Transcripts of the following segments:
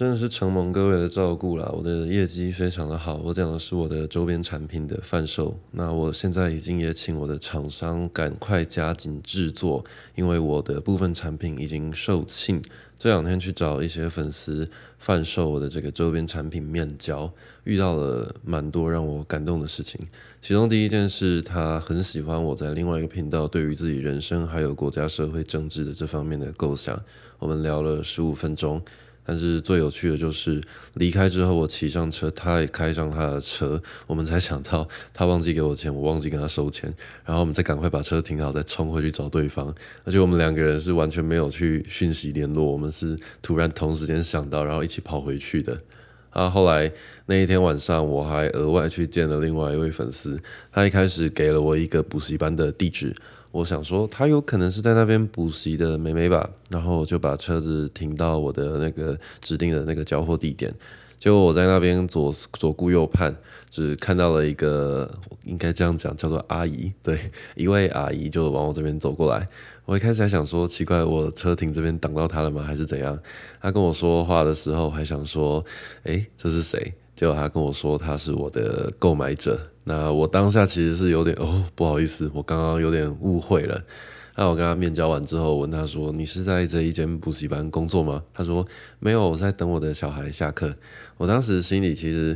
真的是承蒙各位的照顧啦，我的業績非常的好。我講的是我的周邊產品的販售，那我現在已經也請我的廠商趕快加緊製作，因為我的部分產品已經售罄。這兩天去找一些粉絲販售我的這個周邊產品面交，遇到了蠻多讓我感動的事情。其中第一件事，他很喜歡我在另外一個頻道對於自己人生還有國家社會政治的這方面的構想，我們聊了十五分鐘。但是最有趣的就是離開之後，我騎上車，他也開上他的車，我們才想到他忘記給我錢，我忘記跟他收錢，然後我們再趕快把車停好，再衝回去找對方。而且我們兩個人是完全沒有去訊息聯絡，我們是突然同時間想到，然後一起跑回去的。啊，後來那一天晚上，我還額外去見了另外一位粉絲，他一開始給了我一個補習班的地址。我想說，她有可能是在那邊補習的妹妹吧，然後我就把車子停到我的那個指定的那個交貨地點。結果我在那邊左左顧右盼，只看到了一個，應該這樣講叫做阿姨，對，一位阿姨就往我這邊走過來。我一開始還想說，奇怪，我車停這邊擋到她了嗎？還是怎樣？她跟我說話的時候，還想說，哎、欸，這是誰？結果他跟我說他是我的購買者，那我當下其實是有點哦，不好意思，我剛剛有點誤會了。那我跟他面交完之後，我問他說：“你是在這一間補習班工作嗎？”他說：“沒有，我在等我的小孩下課。”我當時心裡其實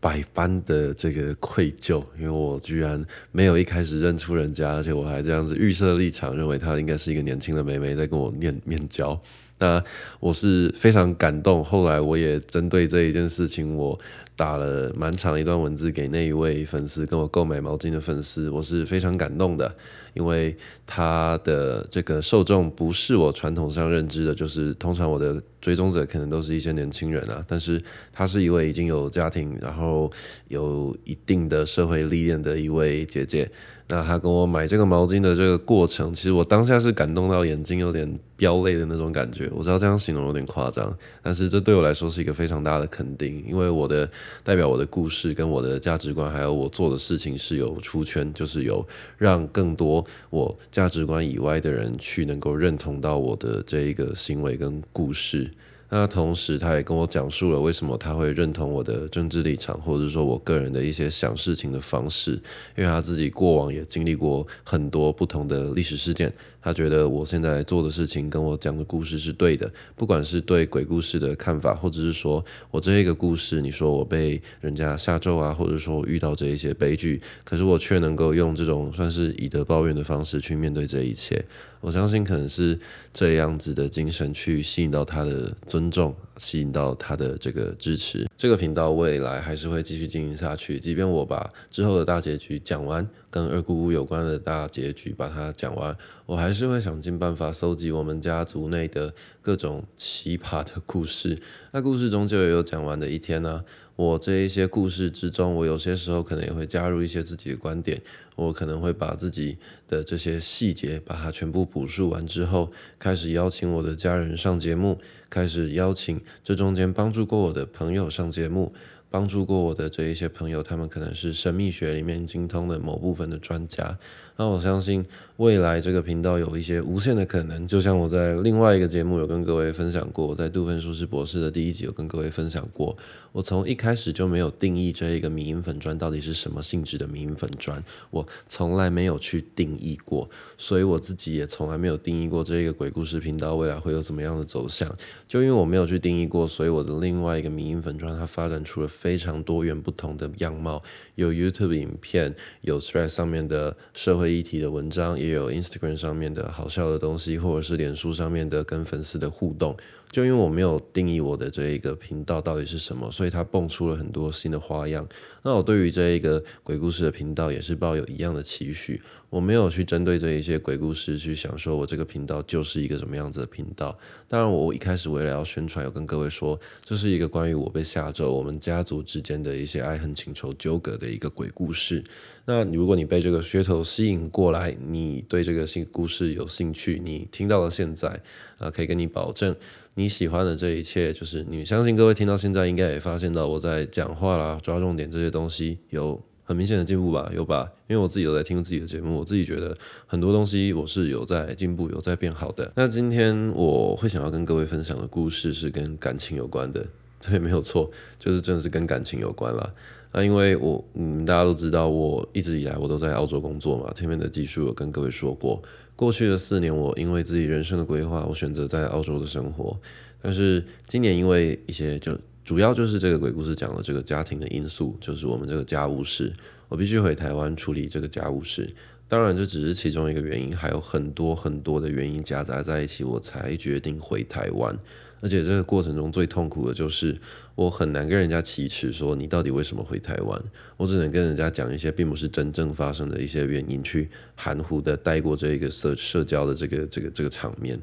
百般的這個愧疚，因為我居然沒有一開始認出人家，而且我還這樣子預設立場，認為他應該是一個年輕的妹妹在跟我面面交。那我是非常感動，後來我也針對這一件事情，我打了蠻長一段文字給那一位粉絲，跟我購買毛巾的粉絲，我是非常感動的，因為他的這個受眾不是我傳統上認知的，就是通常我的追蹤者可能都是一些年輕人啊，但是他是一位已經有家庭，然後有一定的社會歷練的一位姐姐。那他跟我買這個毛巾的這個過程，其實我當下是感動到眼睛有點飆淚的那種感覺。我知道這樣形容有點誇張，但是這對我來說是一個非常大的肯定，因為我的代表我的故事跟我的價值觀，還有我做的事情是有出圈，就是有讓更多我價值觀以外的人去能夠認同到我的這一個行為跟故事。那同時，他也跟我講述了為什麼他會認同我的政治立場，或者說我個人的一些想事情的方式，因為他自己過往也經歷過很多不同的歷史事件。他覺得我現在做的事情跟我講的故事是對的，不管是對鬼故事的看法，或者是說我這一個故事，你說我被人家下咒啊，或者說我遇到這一些悲劇，可是我卻能夠用這種算是以德報怨的方式去面對這一切。我相信可能是這樣子的精神去吸引到他的尊重。吸引到他的這個支持，這個頻道未來還是會繼續經營下去。即便我把之後的大結局講完，跟二姑姑有關的大結局把它講完，我還是會想盡辦法蒐集我們家族內的各種奇葩的故事。那故事終究也有講完的一天呢、啊。我這一些故事之中，我有些時候可能也會加入一些自己的觀點，我可能會把自己的這些細節把它全部補述完之後，開始邀請我的家人上節目，開始邀請這中間幫助過我的朋友上節目，幫助過我的這一些朋友，他們可能是神秘學裡面精通的某部分的專家，那我相信。未來這個頻道有一些無限的可能，就像我在另外一個節目有跟各位分享過，我在杜芬舒適博士的第一集有跟各位分享過，我從一開始就沒有定義這一個迷因粉專到底是什麼性質的迷因粉專，我從來沒有去定義過，所以我自己也從來沒有定義過這個鬼故事頻道未來會有怎麼樣的走向，就因為我沒有去定義過，所以我的另外一個迷因粉專它發展出了非常多元不同的樣貌，有 YouTube 影片，有 Threads 上面的社會議題的文章。有 Instagram 上面的好笑的東西，或者是臉書上面的跟粉絲的互動。就因為我沒有定義我的這一個頻道到底是什麼，所以它蹦出了很多新的花樣。那我對於這一個鬼故事的頻道也是抱有一樣的期許。我沒有去針對這一些鬼故事去想，說我這個頻道就是一個什麼樣子的頻道。當然，我一開始為了要宣傳，有跟各位說，這、就是一個關於我被下咒，我們家族之間的一些愛恨情仇糾葛的一個鬼故事。那如果你被這個噱頭吸引過來，你對這個新故事有興趣，你聽到了現在啊，可以跟你保證。你喜歡的這一切，就是你相信，各位聽到現在，應該也發現到我在講話啦、抓重點這些東西有很明顯的進步吧？有吧？因為我自己有在聽自己的節目，我自己覺得很多東西我是有在進步、有在變好的。那今天我會想要跟各位分享的故事是跟感情有關的，對，沒有錯，就是真的是跟感情有關了。那因為我，嗯，大家都知道，我一直以來我都在澳洲工作嘛，前面的技術有跟各位說過。過去的四年，我因為自己人生的規劃，我選擇在澳洲的生活。但是今年因為一些就主要就是這個鬼故事講的這個家庭的因素，就是我們這個家務事，我必須回台灣處理這個家務事。當然，這只是其中一個原因，還有很多很多的原因夾雜在一起，我才決定回台灣。而且這個過程中最痛苦的就是。我很難跟人家啟齒說你到底為什麼回台灣，我只能跟人家講一些並不是真正發生的一些原因，去含糊的帶過這一個社社交的這個這個這個場面。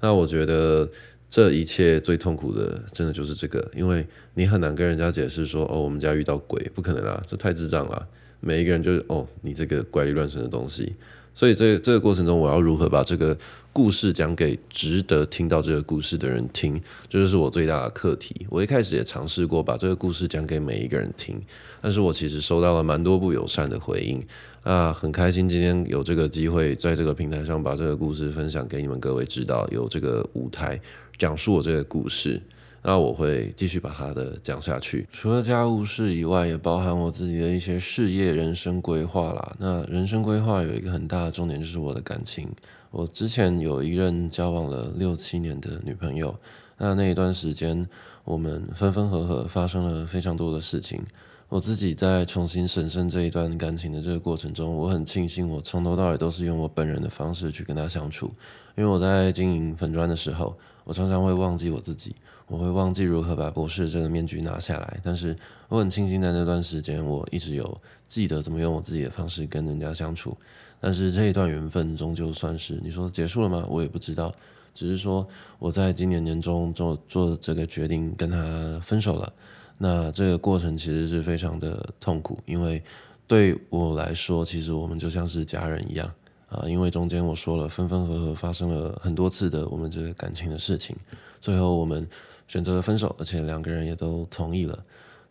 那我覺得這一切最痛苦的，真的就是這個，因為你很難跟人家解釋說哦，我們家遇到鬼，不可能啊，這太智障了。每一個人就是哦，你這個怪力亂神的東西。所以這個、這個過程中，我要如何把這個？故事講給值得聽到這個故事的人聽，這就是我最大的課題。我一開始也嘗試過把這個故事講給每一個人聽，但是我其實收到了蠻多不友善的回應啊，很開心今天有這個機會在這個平台上把這個故事分享給你們各位知道，有這個舞台講述我這個故事，那我會繼續把它的講下去。除了家務事以外，也包含我自己的一些事業、人生規劃啦。那人生規劃有一個很大的重點，就是我的感情。我之前有一任交往了六七年的女朋友，那那一段時間，我們分分合合，發生了非常多的事情。我自己在重新審視這一段感情的這個過程中，我很慶幸，我從頭到尾都是用我本人的方式去跟她相處。因為我在經營粉專的時候，我常常會忘記我自己，我會忘記如何把博士這個面具拿下來。但是我很慶幸在那段時間，我一直有記得怎麼用我自己的方式跟人家相處。但是這一段緣分終究算是你說結束了嗎？我也不知道，只是說我在今年年中做做這個決定跟他分手了。那這個過程其實是非常的痛苦，因為對我來說，其實我們就像是家人一樣啊。因為中間我說了分分合合發生了很多次的我們這個感情的事情，最後我們選擇了分手，而且兩個人也都同意了。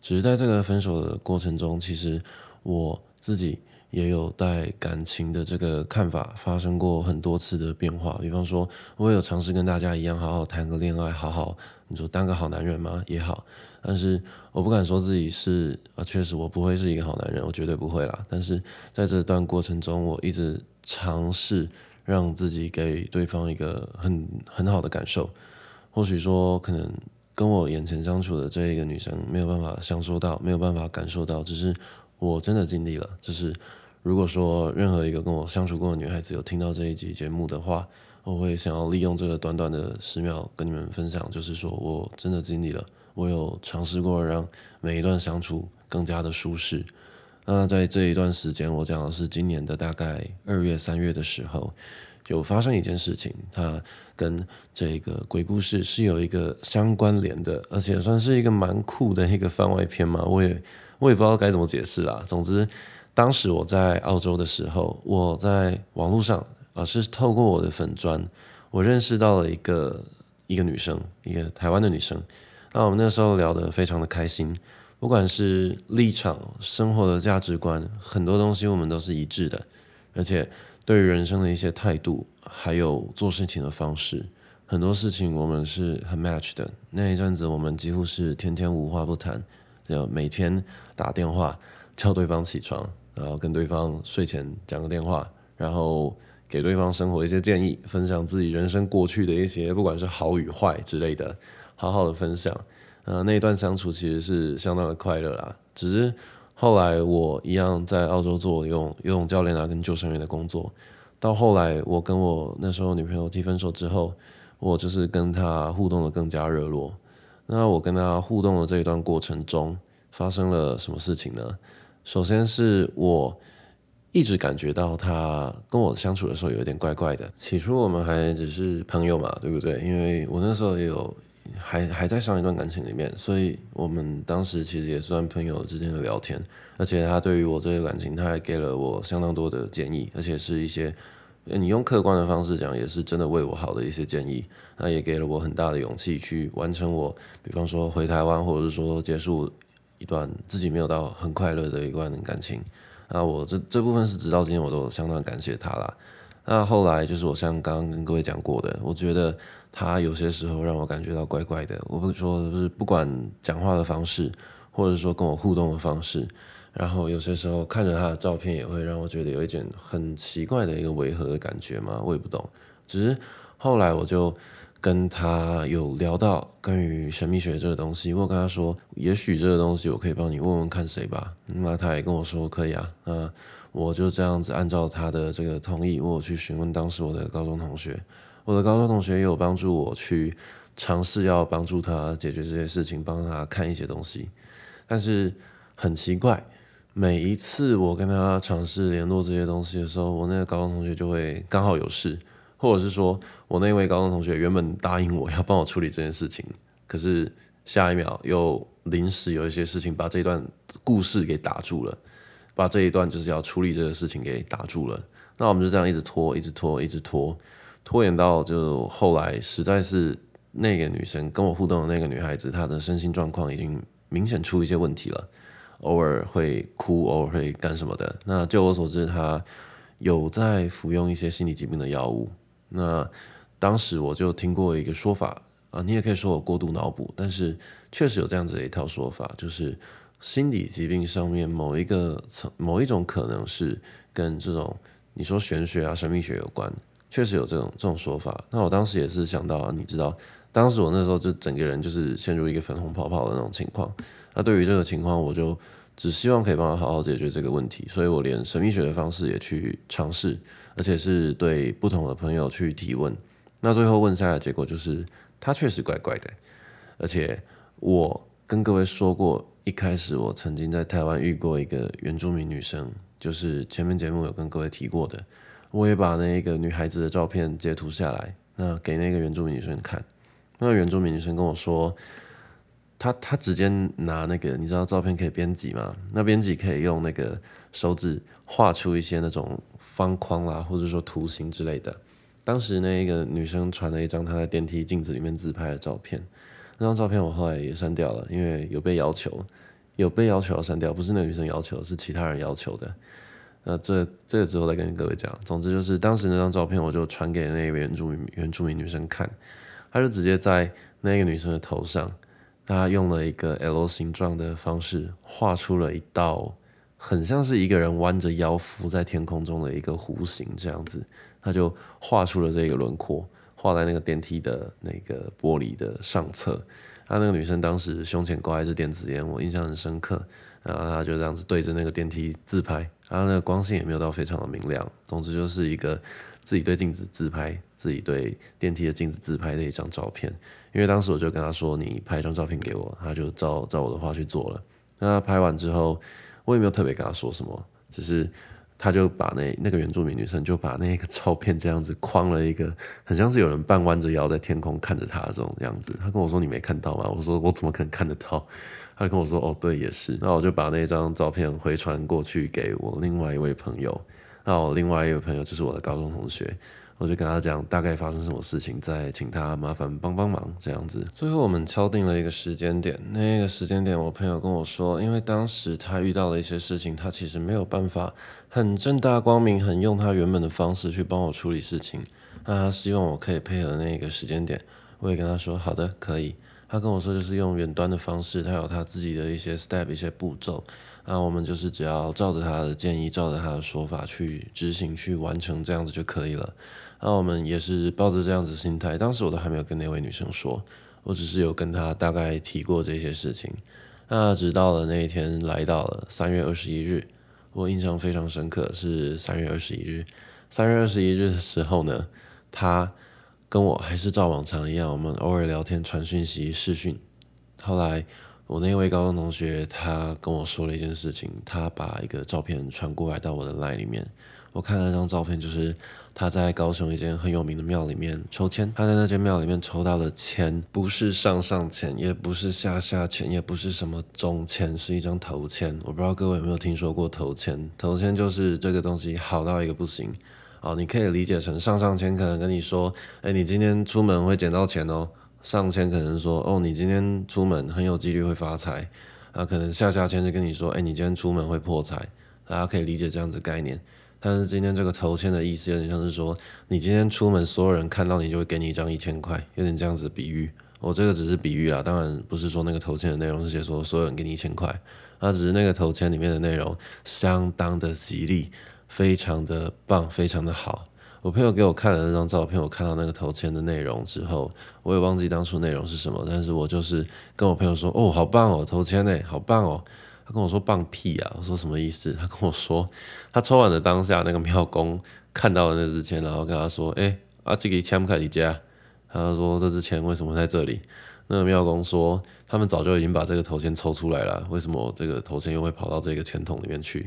只是在這個分手的過程中，其實我自己。也有帶感情的這個看法發生過很多次的變化，比方說，我有嘗試跟大家一樣好好談個戀愛，好好你說當個好男人嗎？也好，但是我不敢說自己是，啊。確實我不會是一個好男人，我絕對不會啦。但是在這段過程中，我一直嘗試讓自己給對方一個很很好的感受，或許說可能跟我眼前相處的這一個女生沒有辦法享受到，沒有辦法感受到，只是我真的盡力了，只、就是。如果說任何一個跟我相處過的女孩子有聽到這一集節目的話，我會想要利用這個短短的十秒跟你們分享，就是說我真的盡力了，我有嘗試過讓每一段相處更加的舒適。那在這一段時間，我講的是今年的大概二月、三月的時候，有發生一件事情，它跟這個鬼故事是有一個相關聯的，而且算是一個蠻酷的一個番外篇嘛。我也我也不知道該怎麼解釋啦，總之。當時我在澳洲的時候，我在網絡上，啊，是透過我的粉專，我認識到了一個一個女生，一個台灣的女生。那、啊、我們那時候聊得非常的開心，不管是立場、生活的價值觀，很多東西我們都是一致的，而且對於人生的一些態度，還有做事情的方式，很多事情我們是很 match 的。那一陣子，我們幾乎是天天無話不談，就每天打電話叫對方起床。然後跟對方睡前講個電話，然後給對方生活一些建議，分享自己人生過去的一些，不管是好與壞之類的，好好的分享。呃，那一段相處其實是相當的快樂啦。只是後來我一樣在澳洲做游泳游泳教練啊，跟救生員的工作。到後來我跟我那時候女朋友提分手之後，我就是跟她互動得更加熱絡。那我跟她互動的這一段過程中，發生了什麼事情呢？首先是我一直感覺到他跟我相處的時候有點怪怪的。起初我們還只是朋友嘛，對不對？因為我那時候也有還還在上一段感情裡面，所以我們當時其實也算朋友之間的聊天。而且他對於我這個感情，他還給了我相當多的建議，而且是一些你用客觀的方式講也是真的為我好的一些建議。那也給了我很大的勇氣去完成我，比方說回台灣，或者是說結束，一段自己沒有到很快樂的一段感情，那我這這部分是直到今天我都相當感謝他了。那後來就是我像剛剛跟各位講過的，我覺得他有些時候讓我感覺到怪怪的，我不是說就是不管講話的方式，或者說跟我互動的方式，然後有些時候看着他的照片也會讓我覺得有一點很奇怪的一個違和的感覺嘛，我也不懂。只是後來我就。跟他有聊到關於神秘學這個東西，我跟他說，也許這個東西我可以幫你問問看誰吧。那他也跟我說可以啊，那我就這樣子按照他的這個同意，我去詢問當時我的高中同學。我的高中同學也有幫助我去嘗試要幫助他解決這些事情，幫他看一些東西。但是很奇怪，每一次我跟他嘗試聯絡這些東西的時候，我那個高中同學就會剛好有事。或者是說，我那位高中同學原本答應我要幫我處理這件事情，可是下一秒又臨時有一些事情，把這段故事給打住了，把這一段就是要處理這個事情給打住了。那我們就這樣一直拖，一直拖，一直拖，拖延到就後來實在是那個女生跟我互動的那個女孩子，她的身心狀況已經明顯出一些問題了，偶爾會哭，偶爾會幹什麼的。那就我所知，她有在服用一些心理疾病的藥物。那當時我就聽過一個說法啊，你也可以說我過度腦補，但是確實有這樣子的一套說法，就是心理疾病上面某一個層某一種可能是跟這種你說玄學啊、神秘學有關，確實有這種這種說法。那我當時也是想到，你知道，當時我那時候就整個人就是陷入一個粉紅泡泡的那種情況。那、啊、對於這個情況，我就只希望可以幫我好好解決這個問題，所以我連神秘學的方式也去嘗試。而且是對不同的朋友去提問，那最後問下來的結果就是，她確實怪怪的。而且我跟各位說過，一開始我曾經在台灣遇過一個原住民女生，就是前面節目有跟各位提過的，我也把那個女孩子的照片截圖下來，那給那個原住民女生看，那原住民女生跟我說。他他直接拿那個，你知道照片可以編輯嗎？那編輯可以用那個手指畫出一些那種方框啦、啊，或者說圖形之類的。當時那一個女生傳了一張她在電梯鏡子裡面自拍的照片，那張照片我後來也刪掉了，因為有被要求，有被要求要刪掉，不是那個女生要求，是其他人要求的。那、呃、這個、這個之後再跟各位講。總之就是，當時那張照片我就傳給那位原住民、原住民女生看，她就直接在那個女生的頭上。他用了一個 L 形狀的方式畫出了一道很像是一個人彎着腰伏在天空中的一個弧形，這樣子，他就畫出了這個輪廓，畫在那個電梯的那個玻璃的上側。他、啊、那個女生當時胸前掛着電子菸，我印象很深刻。然後他就這樣子對着那個電梯自拍，然後那個光線也沒有到非常的明亮。總之就是一個自己對鏡子自拍、自己對電梯的鏡子自拍的一張照片。因為當時我就跟他說：“你拍一張照片給我。”他就照照我的話去做了。那他拍完之後，我也沒有特別跟他說什麼，只是他就把那那個原住民女生就把那一個照片這樣子框了一個，很像是有人半彎着腰在天空看着他這種樣子。他跟我說：“你沒看到嗎？”我說：“我怎麼可能看得到？”他就跟我說：“哦，對，也是。”那我就把那張照片回傳過去給我另外一位朋友。那我另外一個朋友就是我的高中同學，我就跟他講大概發生什麼事情，再請他麻煩幫幫忙，這樣子。最後我們敲定了一個時間點，那個時間點我朋友跟我說，因為當時他遇到了一些事情，他其實沒有辦法很正大光明、很用他原本的方式去幫我處理事情，那他希望我可以配合那個時間點。我也跟他說好的，可以。他跟我說就是用遠端的方式，他有他自己的一些 step 一些步驟。那我們就是只要照着他的建議，照着他的說法去執行、去完成這樣子就可以了。那我們也是抱着這樣子的心態，當時我都還沒有跟那位女生說，我只是有跟她大概提過這些事情。那直到了那一天，來到了三月二十一日，我印象非常深刻，是三月二十一日。三月二十一日的時候呢，他跟我還是照往常一樣，我們偶爾聊天、傳訊息、視訊。後來。我那位高中同學他跟我說了一件事情，他把一個照片傳過來到我的 line 裡面，我看了一張照片，就是他在高雄一間很有名的廟裡面抽籤，他在那間廟裡面抽到了籤，不是上上籤，也不是下下籤，也不是什麼中籤，是一張頭籤。我不知道各位有沒有聽說過頭籤，頭籤就是這個東西好到一個不行，哦，你可以理解成上上籤，可能跟你說，哎、欸，你今天出門會撿到錢哦。上籤，可能說哦，你今天出門很有幾率會發財，啊可能下下籤就跟你說，哎、欸，你今天出門會破財，大、啊、家可以理解這樣子概念。但是今天這個頭籤的意思有點像是說，你今天出門，所有人看到你就會給你一張一千塊，有點這樣子的比喻。我、哦、這個只是比喻啦，當然不是說那個頭籤的內容是寫說所有人給你一千塊，啊只是那個頭籤裡面的內容相當的吉利，非常的棒，非常的好。我朋友給我看了那張照片，我看到那個頭籤的內容之後，我也忘記當初內容是什麼，但是我就是跟我朋友說：“哦，好棒哦，頭籤呢，好棒哦。”他跟我說：“棒屁呀、啊！”我說：“什麼意思？”他跟我說：“他抽完了當下，那個廟公看到了那支籤，然後跟他說：‘哎、欸，阿、啊、這個籤不開，你他說：‘這支籤為什麼在這裡？’那個廟公說：‘他們早就已經把這個頭籤抽出來了，為什麼這個頭籤又會跑到這個籤筒裡面去？’”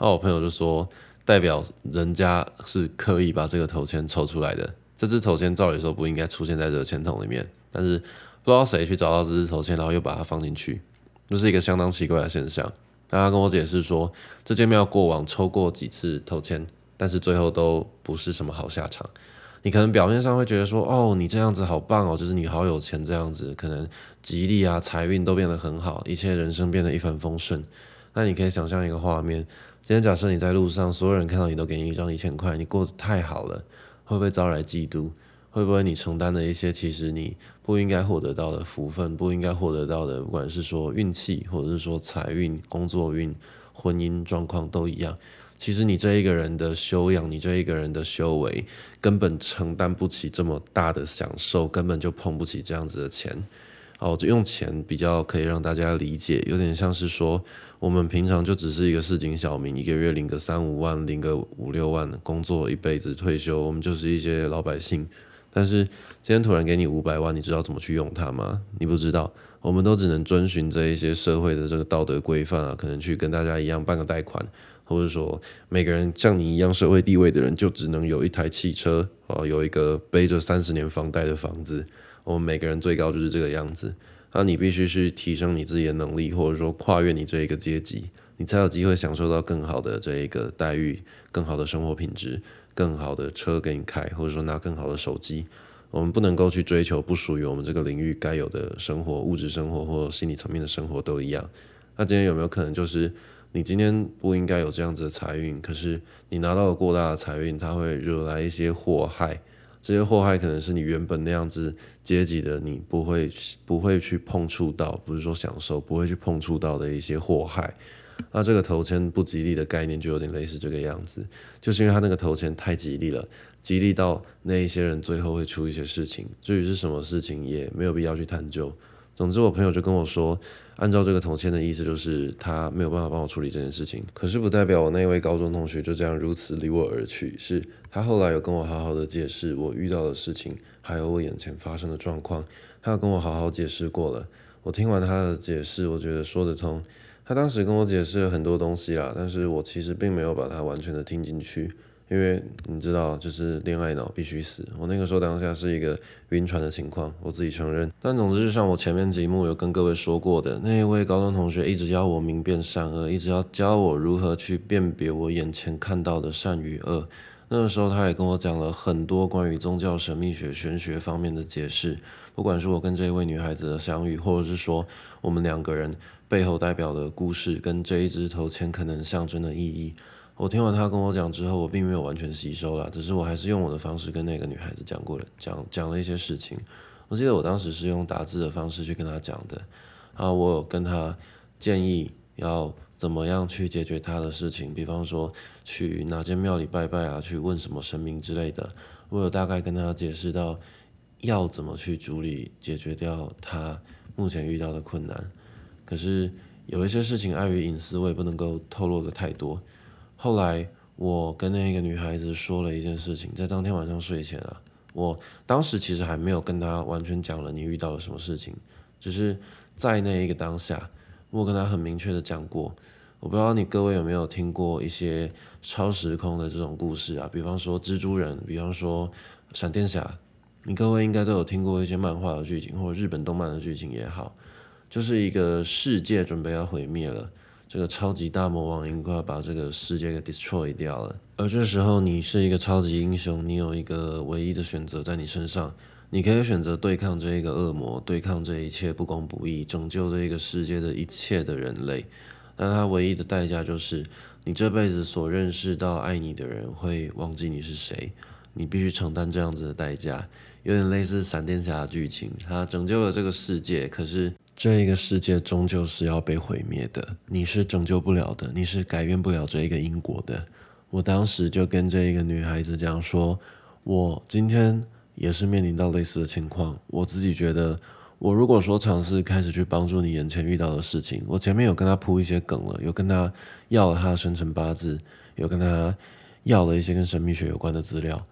然後我朋友就說。代表人家是刻意把這個頭籤抽出來的，這支頭籤照理說不應該出現在這個籤筒裡面，但是不知道誰去找到這支頭籤，然後又把它放進去，這是一個相當奇怪的現象。大家跟我解釋說，這間廟過往抽過幾次頭籤，但是最後都不是什麼好下場。你可能表面上會覺得說，哦，你這樣子好棒哦，就是你好有錢這樣子，可能吉利啊，財運都變得很好，一切人生變得一帆風順。那你可以想象一個畫面。今天假設你在路上，所有人看到你都給你一張一千塊，你過得太好了，會不會招來嫉妒？會不會你承擔了一些其實你不應該獲得到的福分，不應該獲得到的，不管是說運氣或者是說財運、工作運、婚姻狀況都一樣。其實你這一個人的修養，你這一個人的修為，根本承擔不起這麼大的享受，根本就碰不起這樣子的錢。哦，用錢比較可以讓大家理解，有點像是說，我們平常就只是一個市井小民，一個月領個三五萬，領個五六萬，工作一輩子，退休，我們就是一些老百姓。但是今天突然給你五百萬，你知道怎麼去用它嗎？你不知道，我們都只能遵循這一些社會的這個道德規範啊，可能去跟大家一樣辦個貸款，或者說每個人像你一樣社會地位的人，就只能有一台汽車，哦，有一個背着三十年房貸的房子。我們每個人最高就是這個樣子，那你必須去提升你自己的能力，或者說跨越你這一個階級，你才有機會享受到更好的這一個待遇，更好的生活品質，更好的車給你開，或者說拿更好的手機。我們不能夠去追求不屬於我們這個領域該有的生活，物質生活或心理層面的生活都一樣。那今天有沒有可能就是你今天不應該有這樣子的財運，可是你拿到了過大的財運，它會惹來一些禍害。這些禍害可能是你原本那樣子階級的，你不會不會去碰觸到，不是說享受，不會去碰觸到的一些禍害。那這個頭籤不吉利的概念就有點類似這個樣子，就是因為他那個頭籤太吉利了，吉利到那一些人最後會出一些事情。至於是什麼事情，也沒有必要去探究。總之，我朋友就跟我說，按照這個銅錢的意思，就是他沒有辦法幫我處理這件事情。可是，不代表我那位高中同學就這樣如此離我而去。是他後來有跟我好好的解釋我遇到的事情，還有我眼前發生的狀況。他有跟我好好解釋過了。我聽完他的解釋，我覺得說得通。他當時跟我解釋了很多東西啦，但是我其實並沒有把他完全的聽進去。因為你知道，就是戀愛腦必須死。我那個時候當下是一個暈船的情況，我自己承認。但總之，就像我前面節目有跟各位說過的，那一位高中同學一直要我明辨善惡，一直要教我如何去辨別我眼前看到的善與惡。那個時候，他也跟我講了很多關於宗教、神秘學、玄學方面的解釋。不管是我跟這一位女孩子的相遇，或者是說我們兩個人背後代表的故事，跟這一支頭籤可能象徵的意義。我聽完他跟我講之後，我並沒有完全吸收了，只是我還是用我的方式跟那個女孩子講過了，講講了一些事情。我記得我當時是用打字的方式去跟他講的。啊，我有跟他建議要怎麼樣去解決他的事情，比方說去哪間廟裡拜拜啊，去問什麼神明之類的。我有大概跟他解釋到要怎麼去處理解決掉他目前遇到的困難。可是有一些事情礙於隱私，我也不能夠透露的太多。後來，我跟那一個女孩子說了一件事情，在當天晚上睡前啊，我當時其實還沒有跟她完全講了你遇到了什麼事情，只是在那一個當下，我跟她很明確的講過。我不知道你各位有沒有聽過一些超時空的這種故事啊，比方說蜘蛛人，比方說閃電俠，你各位應該都有聽過一些漫畫的劇情，或者日本動漫的劇情也好，就是一個世界準備要毀滅了。這個超級大魔王已經快要把這個世界給 destroy 掉了，而這時候你是一個超級英雄，你有一個唯一的選擇在你身上，你可以選擇對抗這一個惡魔，對抗這一切不公不義，拯救這一個世界的一切的人類。那他唯一的代價就是你這輩子所認識到愛你的人會忘記你是誰，你必須承擔這樣子的代價，有點類似閃電俠的劇情，他拯救了這個世界，可是，這一個世界終究是要被毀滅的，你是拯救不了的，你是改變不了這一個因果的。我當時就跟這一個女孩子講說，我今天也是面臨到類似的情況，我自己覺得，我如果說嘗試開始去幫助你眼前遇到的事情，我前面有跟她鋪一些梗了，有跟她要了她的生辰八字，有跟她要了一些跟神祕學有關的資料。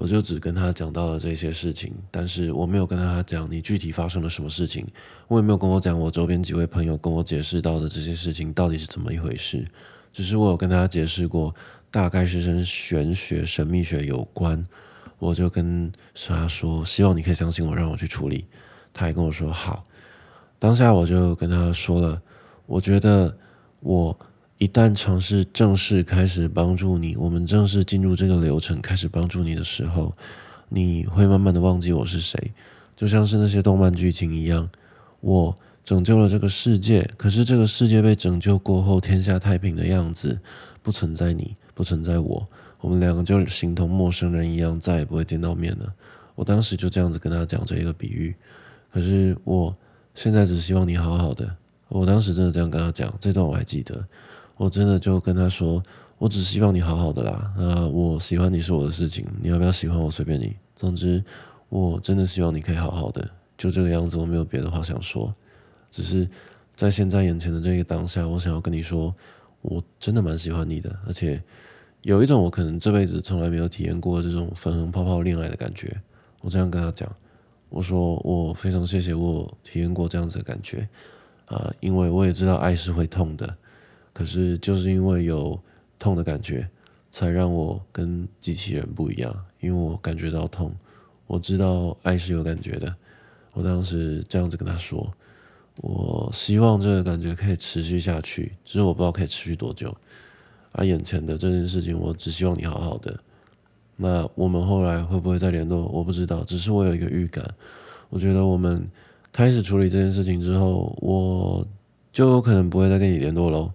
我就只跟他講到了這些事情，但是我沒有跟他講，你具體發生了什麼事情，我也沒有跟我講我周邊幾位朋友跟我解釋到的這些事情到底是怎麼一回事，只是我有跟他解釋過大概是跟玄學、神秘學有關，我就跟他說，希望你可以相信我，讓我去處理，他也跟我說好，當下我就跟他說了，我覺得我。一旦嘗試正式開始幫助你，我們正式進入這個流程開始幫助你的時候，你會慢慢的忘記我是誰，就像是那些動漫劇情一樣，我拯救了這個世界，可是這個世界被拯救過後，天下太平的樣子，不存在你，不存在我，我們兩個就形同陌生人一樣，再也不會見到面了。我當時就這樣子跟他講這一個比喻，可是我現在只希望你好好的，我當時真的這樣跟他講，這段我還記得。我真的就跟他說：“我只希望你好好的啦。啊、呃，我喜歡你是我的事情，你要不要喜歡我隨便你。總之，我真的希望你可以好好的，就這個樣子，我沒有別的話想說。只是在現在眼前的這個當下，我想要跟你說，我真的蠻喜歡你的，而且有一種我可能這輩子從來沒有體驗過的這種粉紅泡泡戀愛的感覺。我這樣跟他講，我說我非常謝謝我體驗過這樣子的感覺啊、呃，因為我也知道愛是會痛的。”可是就是因為有痛的感覺，才讓我跟機器人不一樣。因為我感覺到痛，我知道愛是有感覺的。我當時這樣子跟他說：“我希望這個感覺可以持續下去，只是我不知道可以持續多久。”啊，而眼前的這件事情，我只希望你好好的。那我們後來會不會再聯絡？我不知道，只是我有一個預感，我覺得我們開始處理這件事情之後，我就有可能不會再跟你聯絡嘍。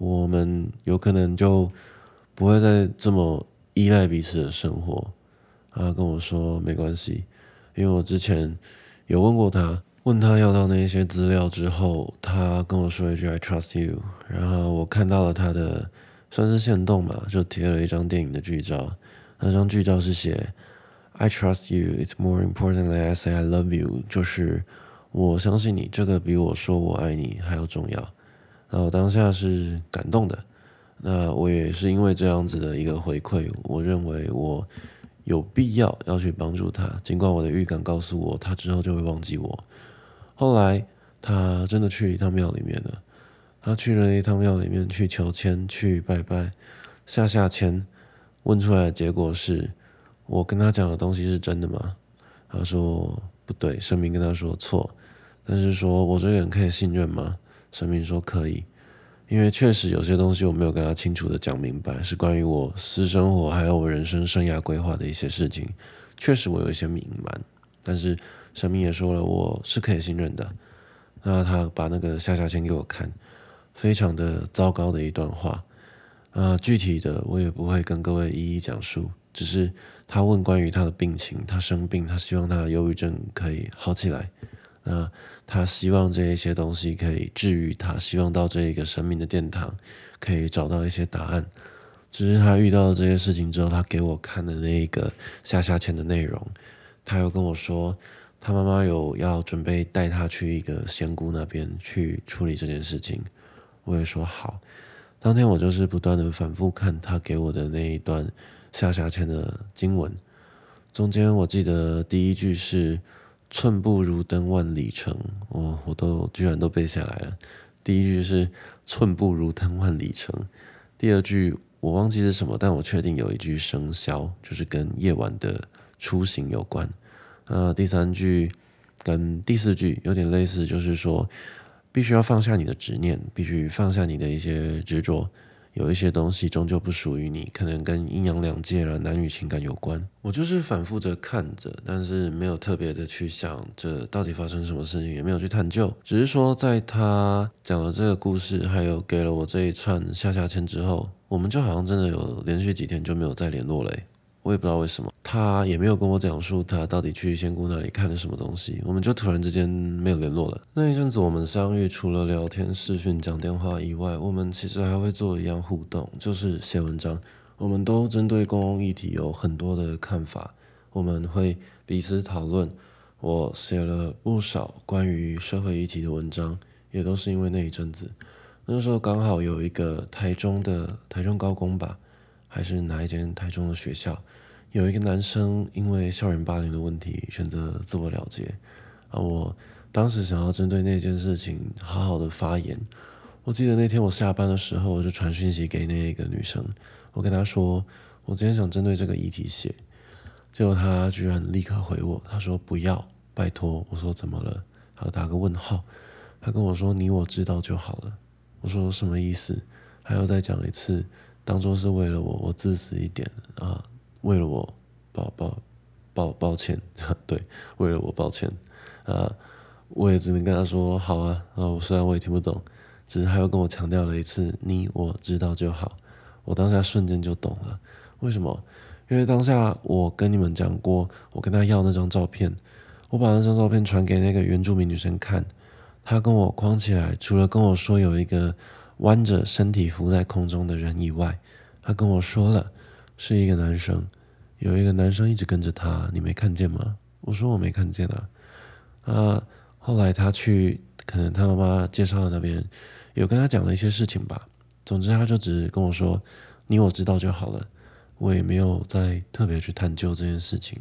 我們有可能就不會再這麼依賴彼此的生活。他跟我說沒關係，因為我之前有問過他，問他要到那些資料之後，他跟我說一句 I trust you。然後我看到了他的算是限動嘛，就貼了一張電影的劇照。那張劇照是寫 I trust you, it's more important than I say I love you。就是我相信你這個比我說我愛你還要重要。然後當下是感動的，那我也是因為這樣子的一個回饋，我認為我有必要要去幫助他，盡管我的預感告訴我，他之後就會忘記我。後來他真的去一趟廟裡面了，他去了一趟廟裡面去求籤，去拜拜，下下籤，問出來的結果是，我跟他講的東西是真的嗎？他說不對，聲明跟他說錯，但是說我這個人可以信任嗎？神明說可以，因為確實有些東西我沒有跟他清楚的講明白，是關於我私生活還有我人生生涯規劃的一些事情，確實我有一些隱瞞，但是神明也說了我是可以信任的，那他把那個下下籤給我看，非常的糟糕的一段話。啊具體的我也不會跟各位一一講述，只是他問關於他的病情，他生病，他希望他的憂鬱症可以好起來，那。他希望這一些東西可以治癒他，他希望到這一個神明的殿堂可以找到一些答案。只是他遇到這些事情之後，他給我看了那一個下下籤的內容，他又跟我說，他媽媽有要準備帶他去一個仙姑那邊去處理這件事情。我也說好。當天我就是不斷的反復看他給我的那一段下下籤的經文，中間我記得第一句是。寸步如登萬里城，哦，我都我都居然都背下來了。第一句是“寸步如登萬里城”，第二句我忘記是什麼，但我確定有一句生肖就是跟夜晚的出行有關。呃，第三句跟第四句有點類似，就是說必須要放下你的執念，必須放下你的一些執着。有一些東西終究不屬於你，可能跟陰陽兩界了男女情感有關。我就是反覆着看着，但是沒有特別的去想這到底發生什麼事情，也沒有去探究，只是說在他講了這個故事，還有給了我這一串下下籤之後，我們就好像真的有連續幾天就沒有再聯絡了誒。我也不知道為什麼，他也沒有跟我講述他到底去仙姑那裡看了什麼東西。我們就突然之間沒有聯絡了。那一陣子我們相遇，除了聊天、視訊、講電話以外，我們其實還會做一樣互動，就是寫文章。我們都針對公共議題有很多的看法，我們會彼此討論。我寫了不少關於社會議題的文章，也都是因為那一陣子。那時候剛好有一個台中的台中高工吧，還是哪一間台中的學校？有一個男生因為校園霸凌的問題選擇自我了結。啊，我當時想要針對那件事情好好的發言。我記得那天我下班的時候，我就傳訊息給那個女生，我跟她說，我今天想針對這個議題寫。結果她居然立刻回我，她說不要，拜託。我說怎麼了？她打個問號。她跟我說你我知道就好了。我說什麼意思？還要再講一次。當做是為了我，我自私一點啊、呃！為了我，抱抱，抱抱，抱歉，對，為了我抱歉啊、呃！我也只能跟他說好啊！然後我雖然我也聽不懂，只是他又跟我強調了一次，你我知道就好。我當下瞬間就懂了，為什麼？因為當下我跟你們講過，我跟他要那張照片，我把那張照片傳給那個原住民女生看，他跟我框起來，除了跟我說有一個。彎着身體浮在空中的人以外，他跟我說了，是一個男生，有一個男生一直跟着他，你沒看見嗎？我說我沒看見啊。啊，後來他去，可能他媽媽介紹的那邊，有跟他講了一些事情吧。總之，他就只跟我說，你我知道就好了。我也沒有再特別去探究這件事情。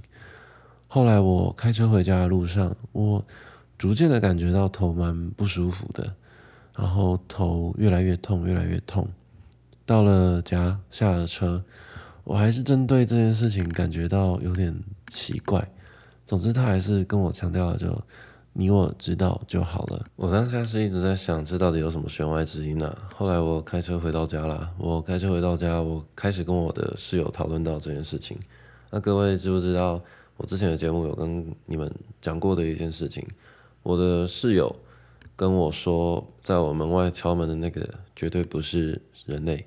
後來我開車回家的路上，我逐漸的感覺到頭蠻不舒服的。然後頭越來越痛，越來越痛。到了家，下了車，我還是針對這件事情感覺到有點奇怪。總之，他還是跟我強調了就，就你我知道就好了。我當下是一直在想，這到底有什麼弦外之音呢？啊？後來我開車回到家了，我開車回到家，我開始跟我的室友討論到這件事情。那各位知不知道，我之前的節目有跟你們講過的一件事情，我的室友。跟我說，在我門外敲門的那個絕對不是人類。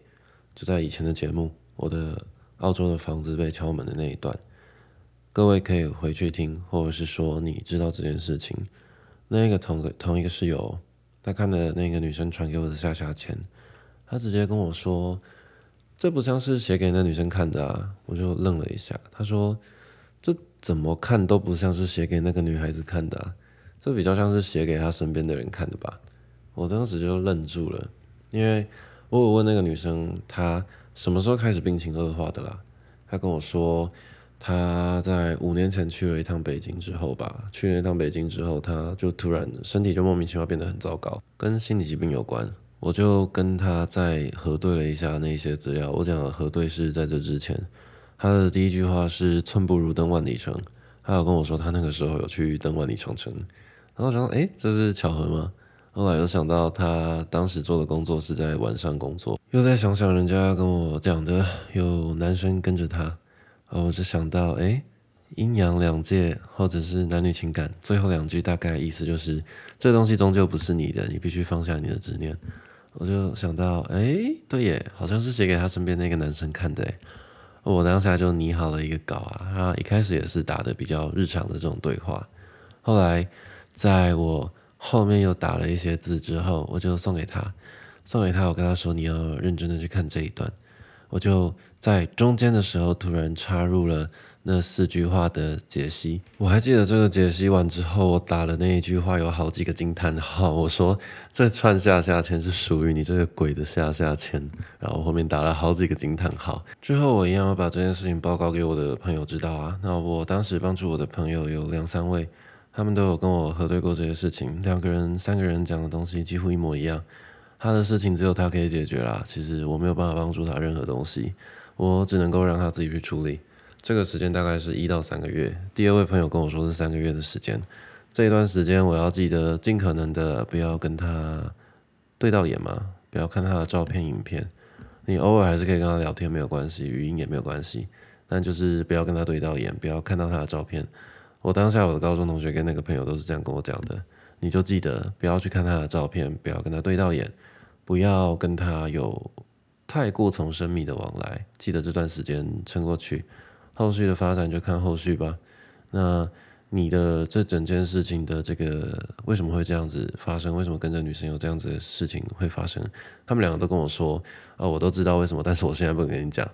就在以前的節目，我的澳洲的房子被敲門的那一段，各位可以回去聽，或者是說你知道這件事情。那個同個同一個室友，他看的那個女生傳給我的下下籤，他直接跟我說，這不像是寫給那女生看的啊！我就愣了一下，他說，這怎麼看都不像是寫給那個女孩子看的啊。這比較像是寫給他身邊的人看的吧，我當時就愣住了，因為我有問那個女生，她什麼時候開始病情惡化的啦，她跟我說她在五年前去了一趟北京之後吧，去了一趟北京之後，她就突然身體就莫名其妙變得很糟糕，跟心理疾病有關。我就跟她在核對了一下那些資料，我講核對是在這之前，她的第一句話是“寸步如登萬里城”，她有跟我說她那個時候有去登萬里長城，城。然後想到，哎，這是巧合嗎？後來又想到，他當時做的工作是在晚上工作，又在想想人家跟我講的有男生跟着他，然後我就想到，哎，陰陽兩界或者是男女情感，最後兩句大概意思就是，這東西終究不是你的，你必須放下你的執念。我就想到，哎，對耶，好像是寫給他身邊那個男生看的，我當下就擬好了一個稿啊，他一開始也是打的比較日常的這種對話，後來。在我後面又打了一些字之後，我就送給他，送給他。我跟他說：“你要認真的去看這一段。”我就在中間的時候突然插入了那四句話的解析。我還記得這個解析完之後，我打了那一句話有好幾個驚嘆號。我說：“這串下下籤是屬於你這個鬼的下下籤。”然後我後面打了好幾個驚嘆號。最後我一樣要把這件事情報告給我的朋友知道啊。那我當時幫助我的朋友有兩三位。他們都有跟我核對過這些事情，兩個人、三個人講的東西幾乎一模一樣。他的事情只有他可以解決啦，其實我沒有辦法幫助他任何東西，我只能夠讓他自己去處理。這個時間大概是一到三個月。第二位朋友跟我說是三個月的時間，這一段時間我要記得盡可能的不要跟他對到眼嘛，不要看他的照片、影片。你偶爾還是可以跟他聊天沒有關係，語音也沒有關係，但就是不要跟他對到眼，不要看到他的照片。我當下，我的高中同學跟那個朋友都是這樣跟我講的，你就記得不要去看他的照片，不要跟他對到眼，不要跟他有太過從親密的往來。記得這段時間撐過去，後續的發展就看後續吧。那你的這整件事情的這個為什麼會這樣子發生？為什麼跟着女生有這樣子的事情會發生？他們兩個都跟我說，啊、呃，我都知道為什麼，但是我現在不能跟你講。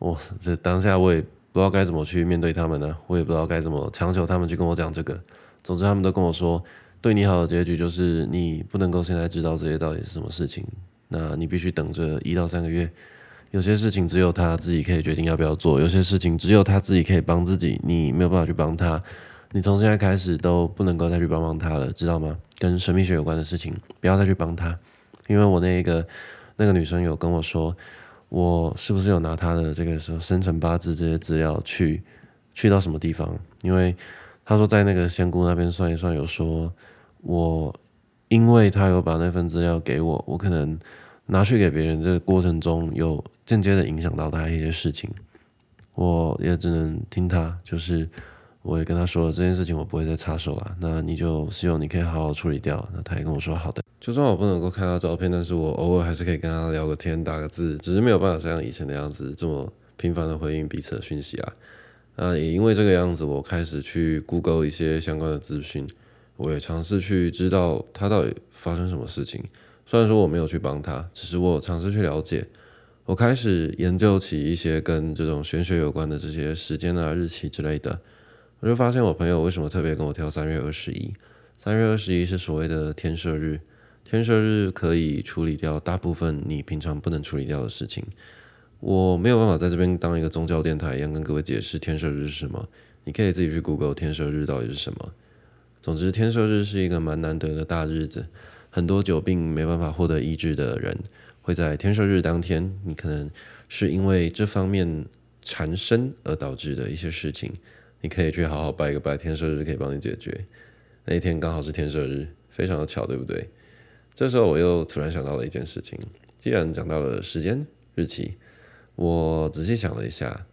我這當下我也。不知道該怎麼去面對他們呢、啊？我也不知道該怎麼強求他們去跟我講這個。總之，他們都跟我說，對你好的結局就是你不能夠現在知道這些到底是什麼事情。那你必須等着一到三個月。有些事情只有他自己可以決定要不要做，有些事情只有他自己可以幫自己，你沒有辦法去幫他。你從現在開始都不能夠再去幫幫他了，知道嗎？跟神秘學有關的事情不要再去幫他，因為我那個那個女生有跟我說。我是不是有拿他的這個什麼生辰八字這些資料去去到什麼地方？因為他說在那個仙姑那邊算一算，有說我因為他有把那份資料給我，我可能拿去給別人這個過程中有間接的影響到他一些事情，我也只能聽他就是。我也跟他說了這件事情，我不會再插手了。那你就希望你可以好好處理掉。那他也跟我說好的。就算我不能夠看他照片，但是我偶爾還是可以跟他聊個天，打個字，只是沒有辦法像以前的樣子這麼頻繁的回應彼此的訊息啊。那也因為這個樣子，我開始去 Google 一些相關的資訊，我也嘗試去知道他到底發生什麼事情。雖然說我沒有去幫他，只是我嘗試去了解。我開始研究起一些跟這種玄學有關的這些時間啊、日期之類的。我就發現，我朋友為什麼特別跟我挑三月二十一？三月二十一是所謂的天赦日，天赦日可以處理掉大部分你平常不能處理掉的事情。我沒有辦法在這邊當一個宗教電台一樣跟各位解釋天赦日是什麼，你可以自己去 Google 天赦日到底是什麼。總之，天赦日是一個蠻難得的大日子，很多久病沒辦法獲得醫治的人，會在天赦日當天，你可能是因為這方面纏身而導致的一些事情。你可以去好好拜一個拜，天赦日可以幫你解決。那一天剛好是天赦日，非常的巧，對不對？這時候我又突然想到了一件事情，既然講到了時間日期，我仔細想了一下，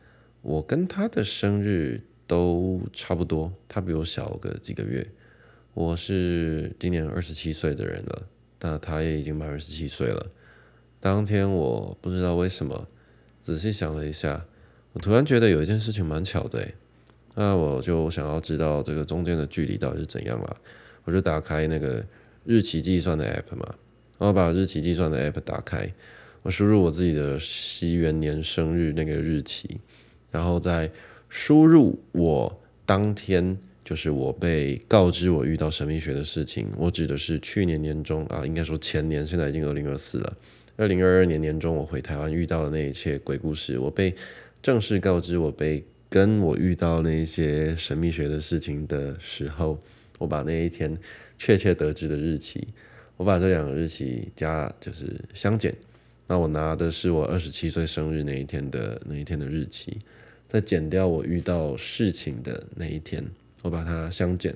我跟他的生日都差不多，他比我小個幾個月。我是今年二十七歲的人了，但他也已經滿二十七歲了。當天我不知道為什麼，仔細想了一下，我突然覺得有一件事情蠻巧的欸。那我就想要知道這個中間的距離到底是怎樣了。我就打開那個日期計算的 app 嘛，我把日期計算的 app 打開，我輸入我自己的西元年生日那個日期，然後再輸入我當天，就是我被告知我遇到神秘學的事情。我指的是去年年中啊，應該說前年，現在已經二零二四了，二零二二年年中，我回台灣遇到的那一切鬼故事，我被正式告知我被。跟我遇到那些神秘學的事情的時候，我把那一天確切得知的日期，我把這兩個日期加，就是相減。那我拿的是我二十七歲生日那一天的那一天的日期，再減掉我遇到事情的那一天，我把它相減，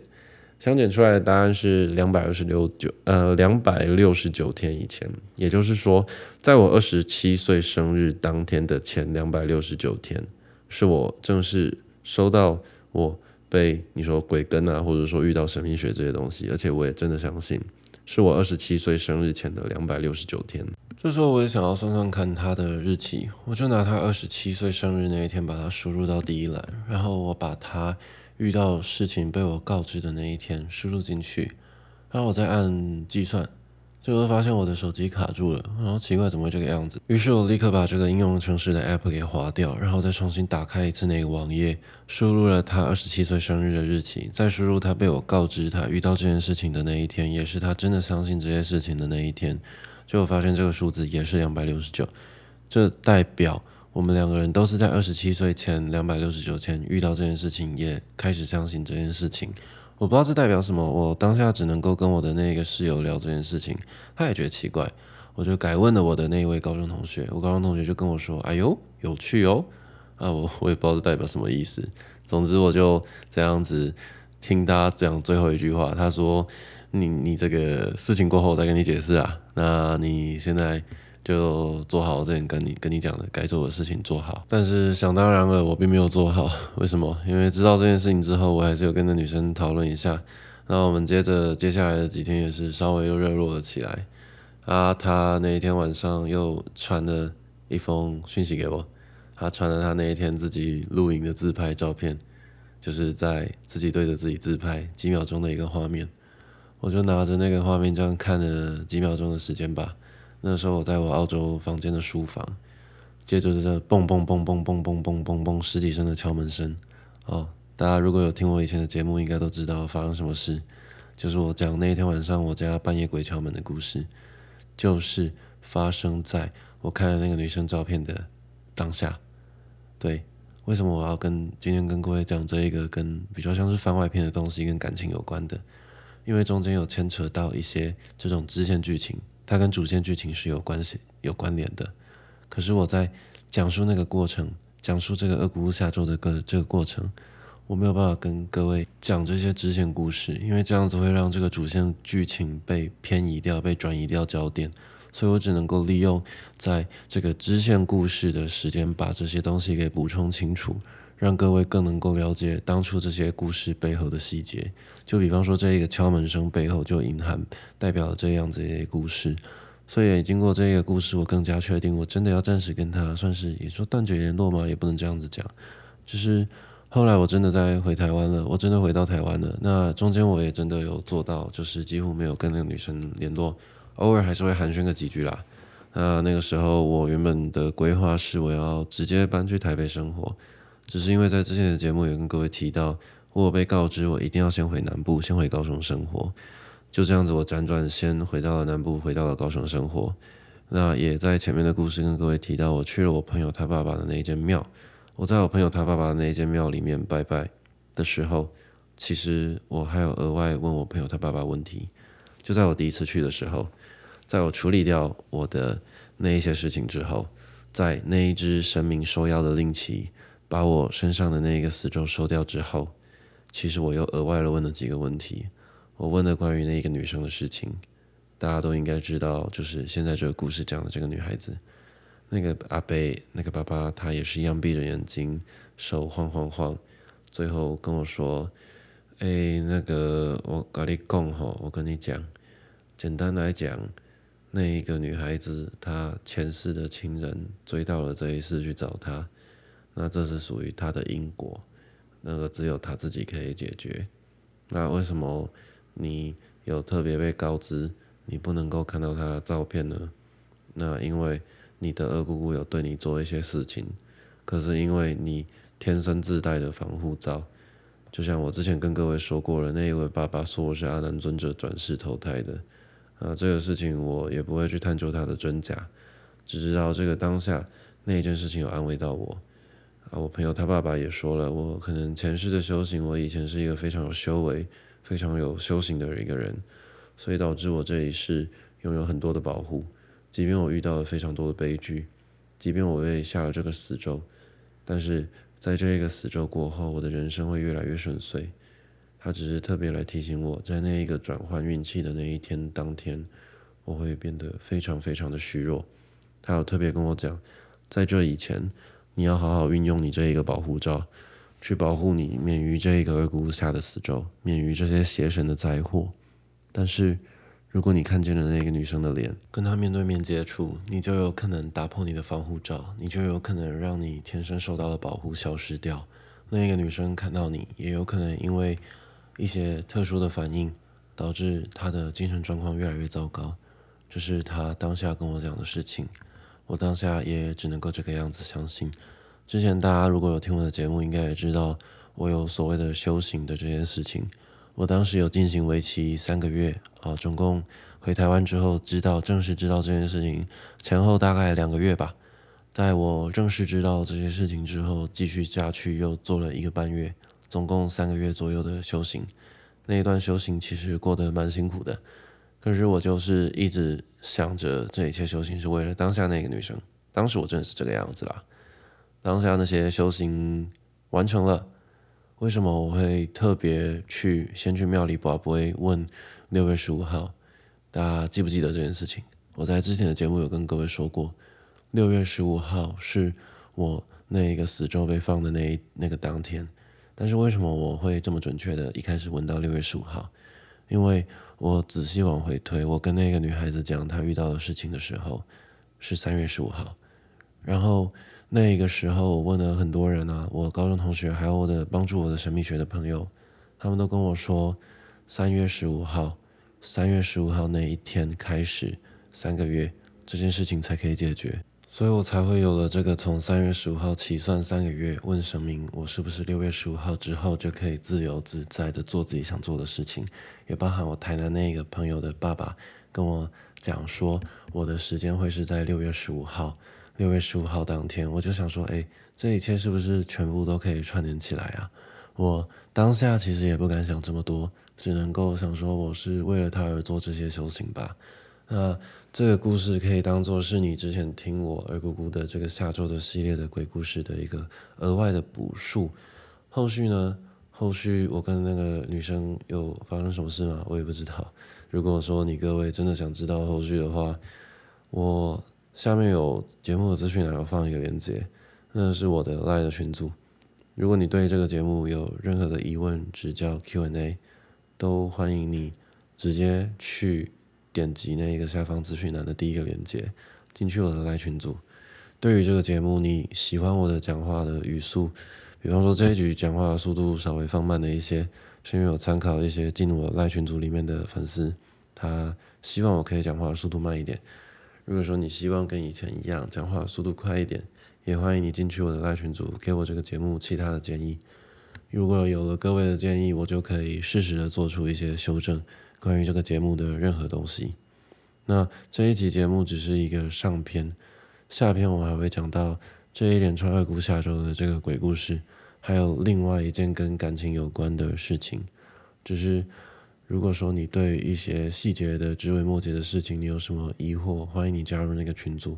相減出來的答案是兩百二十六九，呃，兩百六十九天以前。也就是說，在我二十七歲生日當天的前兩百六十九天。是我正式收到我被你說鬼跟啊，或者說遇到神秘學這些東西，而且我也真的相信，是我二十七歲生日前的兩百六十九天。這時候我也想要算算看他的日期，我就拿他二十七歲生日那一天把它輸入到第一欄，然後我把他遇到事情被我告知的那一天輸入進去，然後我再按計算。最後發現我的手機卡住了，然後奇怪怎麼會這個樣子？於是我立刻把這個應用程式的 app 給劃掉，然後再重新打開一次那個網頁，輸入了他二十七歲生日的日期，再輸入他被我告知他遇到這件事情的那一天，也是他真的相信這件事情的那一天。就發現這個數字也是兩百六十九，這代表我們兩個人都是在二十七歲前兩百六十九天遇到這件事情，也開始相信這件事情。我不知道這代表什麼，我當下只能夠跟我的那個室友聊這件事情，他也覺得奇怪，我就改問了我的那一位高中同學，我高中同學就跟我說：“哎呦，有趣哦，啊我我也不知道這代表什麼意思，總之我就這樣子聽他講最後一句話，他說，你你這個事情過後我再跟你解釋啊，那你現在。”就做好這件跟你跟你講的該做的事情做好，但是想當然了，我並沒有做好。為什麼？因為知道這件事情之後，我還是有跟那女生討論一下。那我們接着接下來的幾天也是稍微又熱絡了起來。啊，她那一天晚上又傳了一封訊息給我，她傳了她那一天自己露營的自拍照片，就是在自己對着自己自拍幾秒鐘的一個畫面。我就拿着那個畫面這樣看了幾秒鐘的時間吧。那時候我在我澳洲房間的書房，接着就是蹦蹦蹦蹦蹦蹦蹦蹦蹦十幾聲的敲門聲。哦，大家如果有聽我以前的節目，應該都知道發生什麼事。就是我講那一天晚上我家半夜鬼敲門的故事，就是發生在我看了那個女生照片的當下。對，為什麼我要跟今天跟各位講這一個跟比較像是番外篇的東西跟感情有關的？因為中間有牽扯到一些這種支線劇情。它跟主線劇情是有關係、有關聯的。可是我在講述那個過程，講述這個惡谷下咒的這個過程，我沒有辦法跟各位講這些支線故事，因為這樣子會讓這個主線劇情被偏移掉、被轉移掉焦點。所以我只能夠利用在這個支線故事的時間，把這些東西給補充清楚。讓各位更能夠了解當初這些故事背後的細節，就比方說這一個敲門聲背後就隱含代表了這樣子的故事，所以經過這個故事，我更加確定我真的要暫時跟他算是也說斷絕聯絡嘛，也不能這樣子講，就是後來我真的再回台灣了，我真的回到台灣了，那中間我也真的有做到，就是幾乎沒有跟那個女生聯絡，偶爾還是會寒暄個幾句啦。那那個時候我原本的規劃是我要直接搬去台北生活。只是因為，在之前的節目也跟各位提到，我有被告知我一定要先回南部，先回高雄生活。就這樣子，我輾轉先回到了南部，回到了高雄生活。那也在前面的故事跟各位提到，我去了我朋友他爸爸的那間廟。我在我朋友他爸爸的那間廟裡面拜拜的時候，其實我還有額外問我朋友他爸爸問題。就在我第一次去的時候，在我處理掉我的那一些事情之後，在那一支神明收妖的令旗。把我身上的那一個四周收掉之後，其實我又額外了問了幾個問題。我問了關於那一個女生的事情，大家都應該知道，就是現在這個故事講的這個女孩子，那個阿北，那個爸爸，他也是一樣閉着眼睛，手晃晃晃，最後跟我說：“哎、欸，那個我跟你講哦，我跟你講，簡單來講，那一個女孩子她前世的情人追到了這一世去找她。”那這是屬於他的因果，那個只有他自己可以解決。那為什麼你有特別被告知你不能夠看到他的照片呢？那因為你的二姑姑有對你做一些事情，可是因為你天生自帶的防護罩，就像我之前跟各位說過了，那一位爸爸說我是阿難尊者轉世投胎的，啊，這個事情我也不會去探究他的真假，只知道這個當下那一件事情有安慰到我。啊，我朋友他爸爸也說了，我可能前世的修行，我以前是一個非常有修為、非常有修行的一個人，所以導致我這一世擁有很多的保護，即便我遇到了非常多的悲劇，即便我被下了這個死咒，但是在這個死咒過後，我的人生會越來越順遂。他只是特別來提醒我，在那一個轉換運氣的那一天當天，我會變得非常非常的虛弱。他有特別跟我講，在這以前。你要好好運用你這一個保護罩，去保護你免於這一個二姑下的死咒，免於這些邪神的災禍。但是，如果你看見了那個女生的臉，跟她面對面接觸，你就有可能打破你的防護罩，你就有可能讓你天生受到的保護消失掉。那一個女生看到你也有可能因為一些特殊的反應，導致她的精神狀況越來越糟糕。這、就是她當下跟我講的事情。我當下也只能夠這個樣子相信。之前大家如果有聽我的節目，應該也知道我有所謂的修行的這件事情。我當時有進行為期三個月，啊，總共回台灣之後知道正式知道這件事情，前後大概兩個月吧。在我正式知道這些事情之後，繼續下去又做了一個半月，總共三個月左右的修行。那一段修行其實過得蠻辛苦的。可是我就是一直想着這一切修行是為了當下那個女生，當時我真的是這個樣子啦。當下那些修行完成了，為什麼我會特別去先去廟裡，拜拜問六月十五號？大家記不記得這件事情？我在之前的節目有跟各位說過，六月十五號是我那一個死咒被放的那一那個當天。但是為什麼我會這麼準確的一開始問到六月十五號？因為。我仔細往回推，我跟那個女孩子講她遇到的事情的時候，是三月十五號。然後那個時候我問了很多人啊，我高中同學還有我的幫助我的神秘學的朋友，他們都跟我說，三月十五號，三月十五號那一天開始三個月，這件事情才可以解決。所以我才會有了這個從三月十五號起算三個月，問神明我是不是六月十五號之後就可以自由自在的做自己想做的事情，也包含我台南那個朋友的爸爸跟我講說我的時間會是在六月十五號，六月十五號當天，我就想說，誒，這一切是不是全部都可以串聯起來啊？我當下其實也不敢想這麼多，只能夠想說我是為了他而做這些修行吧。那這個故事可以當做是你之前聽我耳咕咕的這個下周的系列的鬼故事的一個額外的補述。後續呢？後續我跟那個女生有發生什麼事嗎？我也不知道。如果說你各位真的想知道後續的話，我下面有節目的資訊，然後放一個連結。那是我的 Line 的群組。如果你對這個節目有任何的疑問、指教、Q&A，都歡迎你直接去。點擊那一個下方資訊欄的第一個鏈接，進去我的賴群組。對於這個節目，你喜歡我的講話的語速，比方說這一局講話的速度稍微放慢了一些，是因為我參考一些進入我賴群組裡面的粉絲，他希望我可以講話速度慢一點。如果說你希望跟以前一樣講話速度快一點，也歡迎你進去我的賴群組，給我這個節目其他的建議。如果有了各位的建議，我就可以適時的做出一些修正。關於這個節目的任何東西，那這一期節目只是一個上篇，下篇我還會講到這一連串二姑下周的這個鬼故事，還有另外一件跟感情有關的事情。只是如果說你對一些細節的枝微末節的事情，你有什麼疑惑，歡迎你加入那個群組。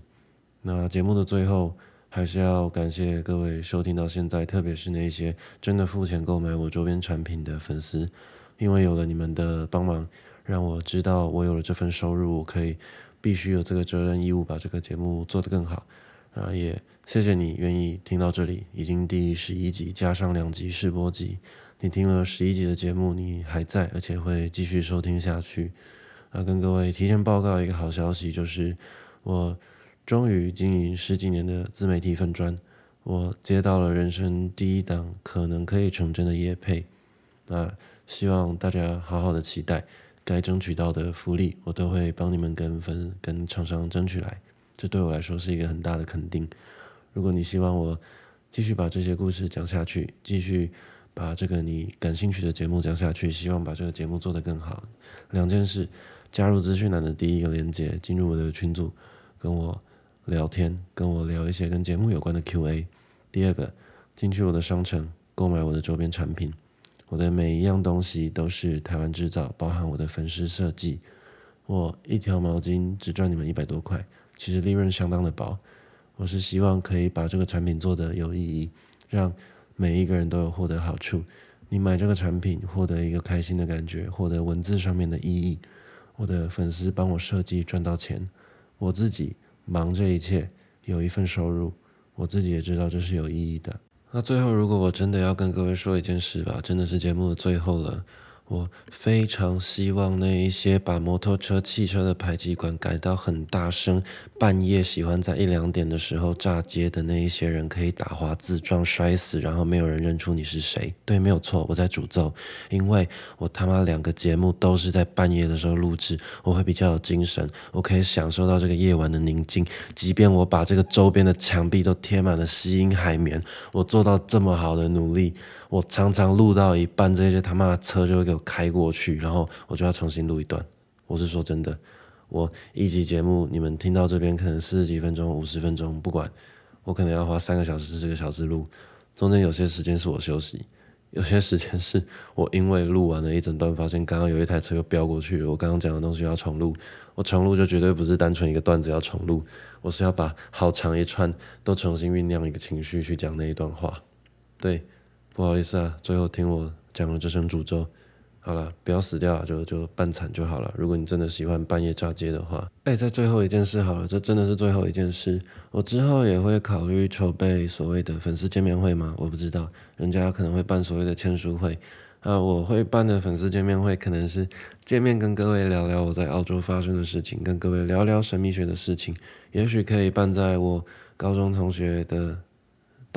那節目的最後還是要感謝各位收聽到現在，特別是那些真的付錢購買我周邊產品的粉絲。因為有了你們的幫忙，讓我知道我有了這份收入，我可以必須有這個責任義務，把這個節目做得更好。啊，也謝謝你願意聽到這裡，已經第十一集加上兩集試播集，你聽了十一集的節目，你還在，而且會繼續收聽下去。啊，跟各位提前報告一個好消息，就是我終於經營十幾年的自媒體粉專，我接到了人生第一檔可能可以成真的業配，啊。希望大家好好的期待，該爭取到的福利，我都會幫你們跟分跟廠商爭取來。這對我來說是一個很大的肯定。如果你希望我繼續把這些故事講下去，繼續把這個你感興趣的節目講下去，希望把這個節目做得更好，兩件事：加入資訊欄的第一個鏈接，進入我的群組跟我聊天，跟我聊一些跟節目有關的 Q&A；第二個，進去我的商城購買我的周邊產品。我的每一樣東西都是台灣制造，包含我的粉絲設計。我一條毛巾只賺你們一百多塊，其實利潤相當的薄。我是希望可以把這個產品做得有意義，讓每一個人都有獲得好處。你買這個產品，獲得一個開心的感覺，獲得文字上面的意義。我的粉絲幫我設計賺到錢，我自己忙這一切，有一份收入，我自己也知道這是有意義的。那最後，如果我真的要跟各位說一件事吧，真的是節目的最後了。我非常希望那一些把摩托車、汽車的排氣管改到很大聲，半夜喜歡在一兩點的時候炸街的那一些人，可以打滑自撞摔死，然後沒有人認出你是誰。對，沒有錯，我在詛咒，因為我他媽兩個節目都是在半夜的時候錄制，我會比較有精神，我可以享受到這個夜晚的寧靜，即便我把這個周邊的牆壁都貼滿了吸音海綿，我做到這麼好的努力。我常常錄到一半，這些他媽的車就會給我開過去，然後我就要重新錄一段。我是說真的，我一集節目你們聽到這邊可能四十幾分鐘、五十分鐘，不管我可能要花三個小時、四個小時錄。中間有些時間是我休息，有些時間是我因為錄完了一整段，發現剛剛有一台車又飆過去，我剛剛講的東西要重錄。我重錄就絕對不是單純一個段子要重錄，我是要把好長一串都重新醞釀一個情緒去講那一段話，對。不好意思啊，最後聽我講了這聲詛咒，好了，不要死掉了，就就辦慘就好了。如果你真的喜歡半夜炸街的話，哎、欸，在最後一件事好了，這真的是最後一件事，我之後也會考慮籌備所謂的粉絲見面會嗎？我不知道，人家可能會辦所謂的簽書會，啊。我會辦的粉絲見面會可能是見面跟各位聊聊我在澳洲發生的事情，跟各位聊聊神秘學的事情，也許可以辦在我高中同學的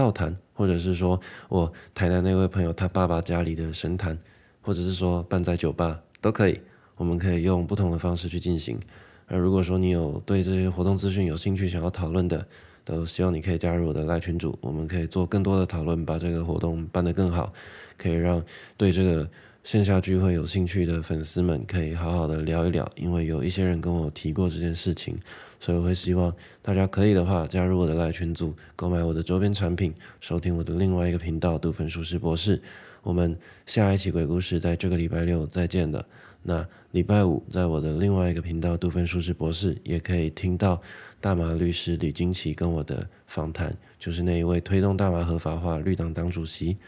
道壇，或者是說我台南那位朋友他爸爸家裡的神壇，或者是說辦在酒吧都可以，我們可以用不同的方式去進行。而如果說你有對這些活動資訊有興趣，想要討論的，都希望你可以加入我的 Line 群組，我們可以做更多的討論，把這個活動辦得更好，可以讓對這個線下聚會有興趣的粉絲們可以好好的聊一聊，因為有一些人跟我提過這件事情。所以我會希望大家可以的話加入我的賴群組，購買我的周邊產品，收聽我的另外一個頻道“杜芬術士博士”。我們下一期鬼故事在這個禮拜六再見了。那禮拜五在我的另外一個頻道“杜芬術士博士”也可以聽到大麻律師李金奇跟我的訪談，就是那一位推動大麻合法化綠黨黨，黨主席，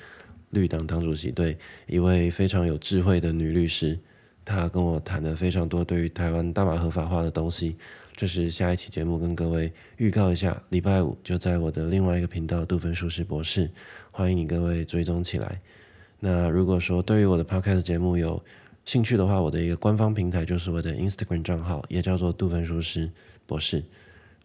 綠黨黨，黨主席對一位非常有智慧的女律師，她跟我談了非常多對於台灣大麻合法化的東西。就是下一期節目，跟各位預告一下，禮拜五就在我的另外一個頻道“杜芬舒茲博士”，歡迎你各位追蹤起來。那如果說對於我的 podcast 節目有興趣的話，我的一個官方平台就是我的 Instagram 賬號，也叫做“杜芬舒茲博士”，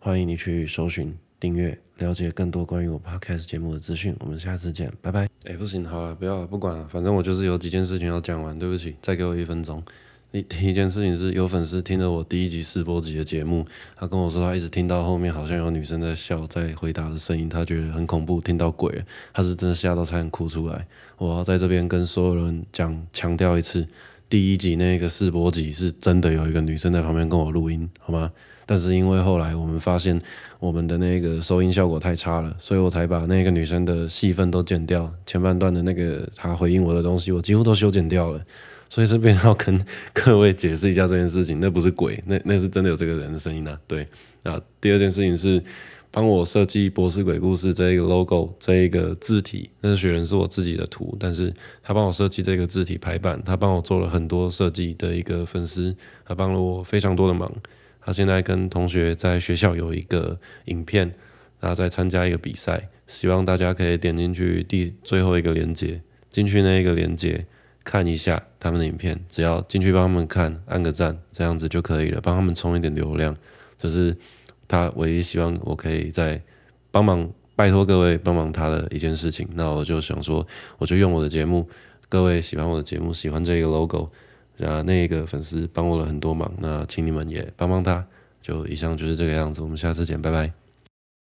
歡迎你去搜尋、訂閱，了解更多關於我 podcast 節目的資訊。我們下次見，拜拜。誒，不行，好了，不要了，不管了，反正我就是有幾件事情要講完，對不起，再給我一分鐘。一一件事情是有粉絲聽了我第一集試播集的節目，他跟我說他一直聽到後面好像有女生在笑，在回答的聲音，他覺得很恐怖，聽到鬼了，他是真的嚇到差點哭出來。我要在這邊跟所有人講，強調一次，第一集那個試播集是真的有一個女生在旁邊跟我錄音，好嗎？但是因為後來我們發現我們的那個收音效果太差了，所以我才把那個女生的戲份都剪掉，前半段的那個她回應我的東西，我幾乎都修剪掉了。所以這邊要跟各位解釋一下這件事情，那不是鬼，那那是真的有這個人的聲音吶、啊，對，啊，第二件事情是幫我設計《博士鬼故事》這一個 logo 這一個字體，那是雪人是我自己的圖，但是他幫我設計這個字體排版，他幫我做了很多設計的一個粉絲，他幫了我非常多的忙。他現在跟同學在學校有一個影片，然後在參加一個比賽，希望大家可以點進去第最後一個鏈接，進去那個鏈接看一下。他們的影片，只要進去幫他們看，按個讚，這樣子就可以了，幫他們充一點流量，就是他唯一希望我可以再幫忙，拜托各位幫忙他的一件事情。那我就想說，我就用我的節目，各位喜歡我的節目，喜歡這個 logo，那那個粉絲幫我了很多忙，那請你們也幫幫他。就以上就是這個樣子，我們下次見，拜拜。